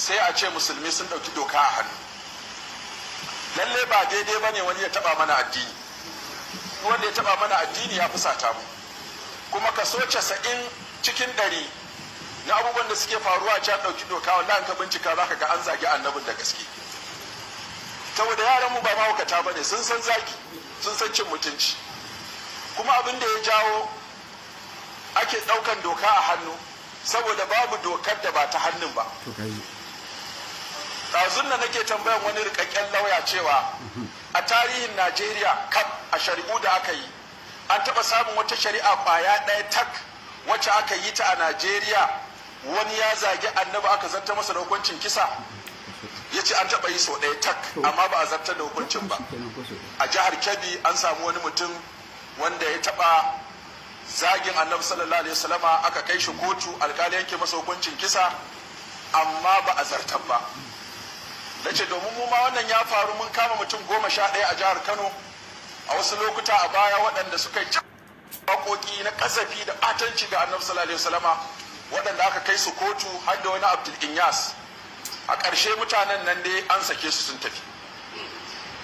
sai a ce musulmi sun ɗauki doka a hannu lalle ba daidai ba ne wani ya taɓa mana addini wanda ya taɓa mana addini ya fusata mu kuma kaso casa'in cikin ɗari na abubuwan da suke faruwa a can ɗauki doka wanda an ka bincika za ka ga an zagi annabin da gaske saboda yaran mu ba mahaukata ba ne sun san zagi sun san cin mutunci kuma abin da ya jawo ake ɗaukan doka a hannu saboda babu dokar da ba ta hannun ba yanzu na nake tambayan wani rikakken lauya cewa a tarihin najeriya kaf a shari'u da aka yi an taba samun wata shari'a kwaya ɗaya tak wacce aka yi ta a najeriya wani ya zagi annabi aka zanta masa da hukuncin kisa ya ce an taba yi sau ɗaya tak amma ba a zartar da hukuncin ba a jihar kebbi an samu wani mutum wanda ya taba zagin annabi sallallahu alaihi wasallama aka kai shi kotu alkali yanke masa hukuncin kisa amma ba a zartar ba na ce domin mu ma wannan ya faru mun kama mutum goma sha ɗaya a jihar kano a wasu lokuta a baya waɗanda suka yi bakoki na kasafi da batanci ga annabi sallallahu alaihi waɗanda aka kai su kotu har da wani abdul inyas a ƙarshe mutanen nan dai an sake su sun tafi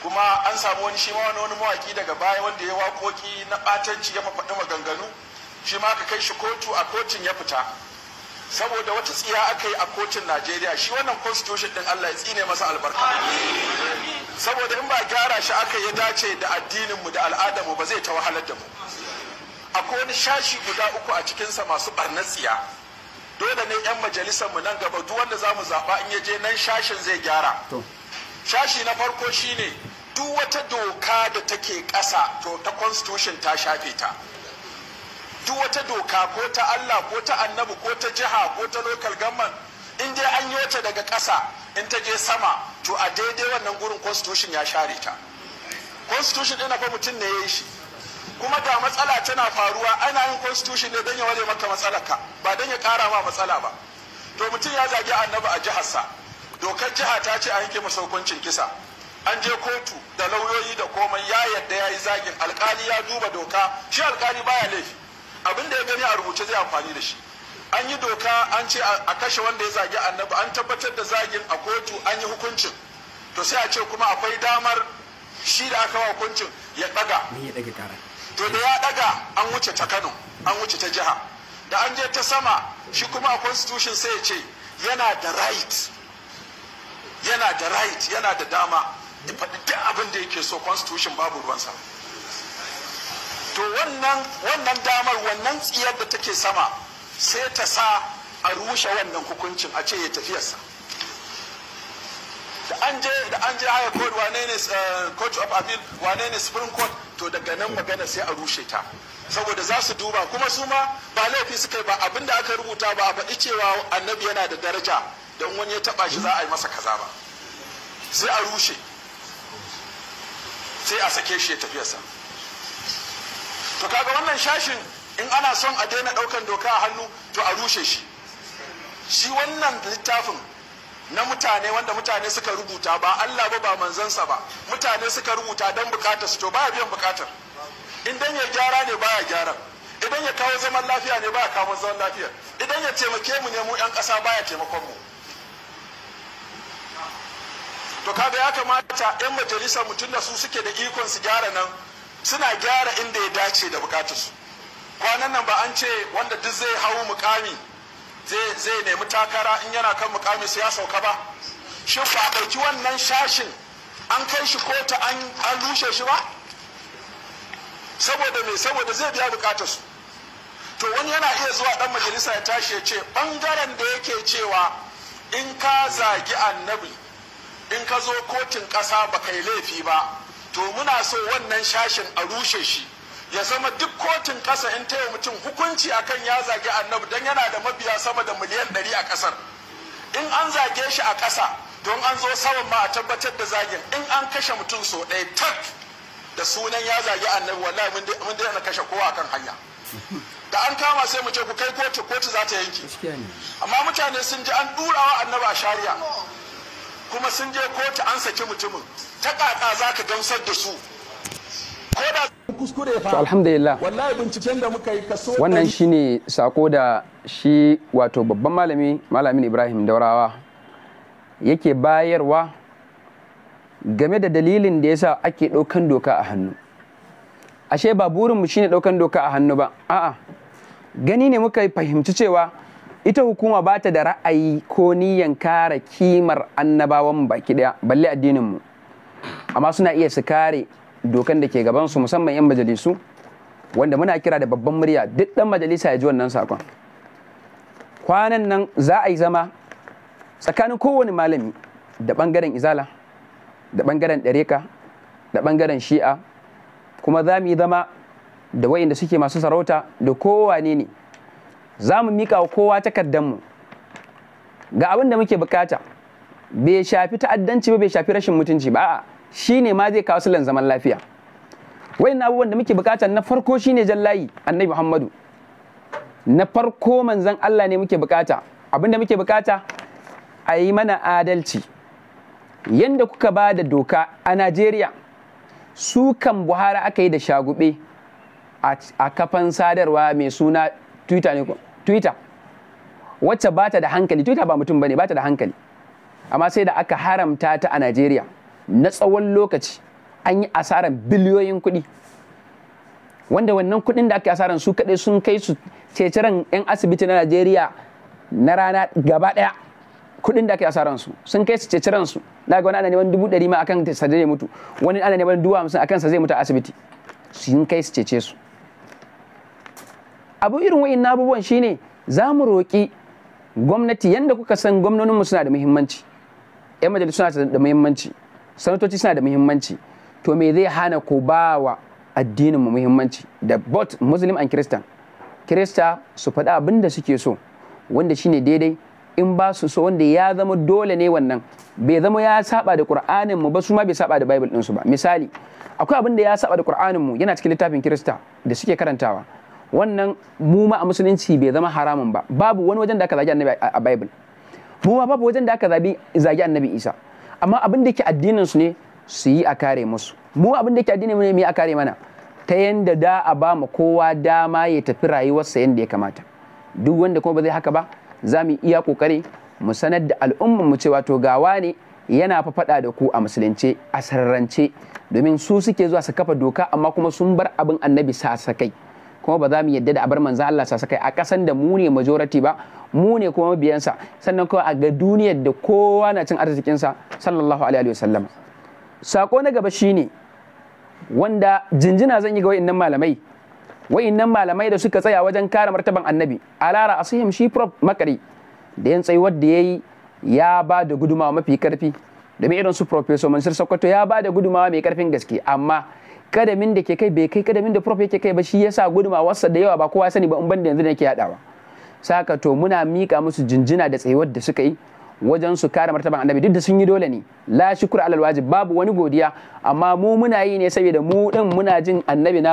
kuma an samu wani shi ma wani wani mawaki daga baya wanda ya waƙoƙi na batanci ya mafaɗi maganganu shi ma aka kai shi kotu a kotun ya fita saboda wata tsiya aka yi a kotun najeriya shi wannan constitution din allah ya tsine masa albarka saboda in ba gyara shi aka ya dace da addininmu da al'adarmu ba zai ta wahalar da mu akwai wani shashi guda uku a cikinsa masu barnar tsiya dole ne 'yan majalisar mu nan gaba duk wanda za mu zaɓa in ya je nan shashin zai gyara shashi na farko shine duk wata doka da take ƙasa to ta constitution ta shafe ta duk wata doka ko ta Allah ko ta annabi ko ta jiha ko ta local government in dai an yi wata daga ƙasa in ta je sama to a daidai wannan gurin constitution ya share ta constitution ɗin fa mutum ne ya yi shi kuma da matsala tana faruwa ana yin constitution ne don ya ware maka matsala ka ba don ya ƙara ma matsala ba to mutum ya zagi annabi a jiharsa dokar jiha ta ce a yanke masa hukuncin kisa an je kotu da lauyoyi da komai ya yadda ya yi zagin alkali ya duba doka shi alkali baya laifi abin da ya gani a rubuce zai amfani da shi an yi doka an ce a kashe wanda ya zagi annabi an tabbatar da zagin a kotu an yi hukuncin to sai a ce kuma akwai damar shi da aka wa hukuncin ya daga to da ya daga an wuce ta kano an wuce ta jiha da an je ta sama shi kuma a constitution sai ya ce yana da right yana da right yana da dama da duk abin da yake so constitution babu ruwan sa. wannan wannan damar wannan tsiyar da take sama sai ta sa a rushe wannan hukuncin a ce ya tafiyarsa da an je da an je court wane ne eh, court of appeal wane ne supreme court to daga nan magana sai a rushe ta saboda za su duba kuma su ma ba laifi suka yi ba abinda aka rubuta ba a faɗi cewa annabi yana da daraja don wani ya taɓa shi za a yi masa kaza ba sai a rushe sai a sake shi ya tafiyarsa to kaga wannan shashin in ana son a daina ɗaukan doka a hannu to a rushe shi shi wannan littafin na mutane wanda mutane suka rubuta ba Allah ba ba manzansa ba mutane suka rubuta don bukatar su to baya biyan bukatar idan ya gyara ne baya gyara idan ya kawo zaman lafiya ne baya kawo zaman lafiya idan ya taimake mu ne mu yan ƙasa baya taimakon mu to kaga ya kamata yan majalisa mutum da su suke da ikon su gyara nan suna gyara inda ya dace da bukatarsu kwanan nan ba an ce wanda duk zai hau mukami zai nemi takara in yana kan mukami sai ya sauka ba shi fa ɗauki wannan shashin an kai shi kota an rushe shi ba saboda me saboda zai biya bukatarsu to wani yana iya zuwa dan majalisa ya tashi ya ce bangaren da yake cewa in ka zagi annabi in ka zo kotun ƙasa ba kai laifi ba to muna so wannan shashin a rushe shi ya zama duk kotun kasa in ta yi mutum hukunci akan ya zage annabi don yana da mabiya sama da miliyan ɗari a ƙasar in an zage shi a ƙasa don an zo saman ma a tabbatar da zagin in an kashe mutum so ɗaya tak da sunan ya zage annabi wallahi mun daina kashe kowa akan hanya da an kama sai mu ce ku kai kotu kotu za ta yanke amma mutane sun ji an ɗurawa annabi a shari'a kuma sun je kotu an saki mutumin ta kaka za sako da shi wato babban malami malamin Ibrahim Daurawa yake bayarwa game da dalilin da yasa ake ɗaukan doka a hannu ashe ba burinmu shine ɗaukan doka a hannu ba a'a gani ne muka fahimci cewa ita hukuma ba ta da ra'ayi ko niyan kare kimar annabawan baki daya balle addininmu mu amma suna iya su kare dokan da ke gaban su musamman 'yan majalisu wanda muna kira da babban murya duk dan majalisa ya ji wannan sakon kwanan nan za a yi zama tsakanin kowane malami da bangaren izala da bangaren ɗareka da bangaren shi'a kuma za mu yi zama da wayanda suke masu sarauta da kowane ne za mu mika wa kowa mu ga abin da muke bukata bai shafi ta'addanci ba bai shafi rashin mutunci ba a'a Shi ne ma zai kawo silan zaman lafiya wayan abubuwan da muke bukata na farko jan layi, annabi muhammadu na farko manzan allah ne muke bukata da muke bukata a yi mana adalci Yanda kuka ba da doka a najeriya sukan kan buhari aka yi da shagube a kafan sadarwa mai suna twitter wacce ba ta da hankali twitter ba mutum ba ne ba ta da hankali amma sai da aka haramta ta a najeriya na tsawon lokaci an yi asaran biliyoyin kuɗi wanda wannan kuɗin da aka asaran su kaɗai sun kai su ceceren 'yan asibiti na najeriya na rana gaba ɗaya kuɗin da aka asaran su sun kai su ceceren su Na ga wani ana neman dubu ɗari ma akan sa zai mutu wani ana neman dubu hamsin akan sa zai mutu a asibiti sun kai su cece su abu irin wa'in abubuwan shine za mu roƙi gwamnati yadda kuka san gwamnoninmu suna da muhimmanci 'yan majalisu suna da muhimmanci sanatoci suna da muhimmanci to me zai hana ku ba wa addinin mu muhimmanci da both muslim and christian kirista su faɗi abin da suke so wanda shine daidai in ba su so wanda ya zama dole ne wannan bai zama ya saba da qur'anin mu ba su ma bai saba da bible ɗinsu ba misali akwai abin da ya saba da qur'anin mu yana cikin littafin kirista da suke karantawa wannan mu ma a musulunci bai zama haramun ba babu wani wajen da aka zagi annabi a bible mu ma babu wajen da aka zagi annabi isa amma abin da yake addinin su ne su yi a kare musu mu abin da yake addinin mu ne mu yi a kare mana ta yanda da a ba mu kowa dama ya tafi rayuwarsa yanda ya kamata duk wanda kuma ba zai haka ba za mu iya kokari mu sanar da al'ummar mu cewa to gawa ne yana fa fada da ku a musulunce a sarrance domin su suke zuwa su kafa doka amma kuma sun bar abin annabi kai. kuma ba za mu yadda da abar manza Allah sa sakai a kasan da mu ne majority ba mu ne kuma mabiyansa sannan kuma a ga duniyar da kowa na cin arzikin sa sallallahu alaihi wasallam sako na gaba shine wanda jinjina zan yi ga wayannan malamai wayannan malamai da suka tsaya wajen kare martaban annabi alara asihim shi prof makari da yan tsayi wanda yayi ya ba da gudumawa mafi karfi domin irin su professor mansur sokoto ya ba da gudumawa mai karfin gaske amma kadamin da ke kai bai kai kadamin da prof yake kai ba shi yasa wasa da yawa ba kowa sani ba in ban da yanzu nake yake yadawa saka to muna mika musu jinjina da tsayuwar da suka yi wajen su kare martaban annabi duk da sun yi dole ne la shukru alal wajib babu wani godiya amma mu muna yi ne saboda mu din muna jin annabi na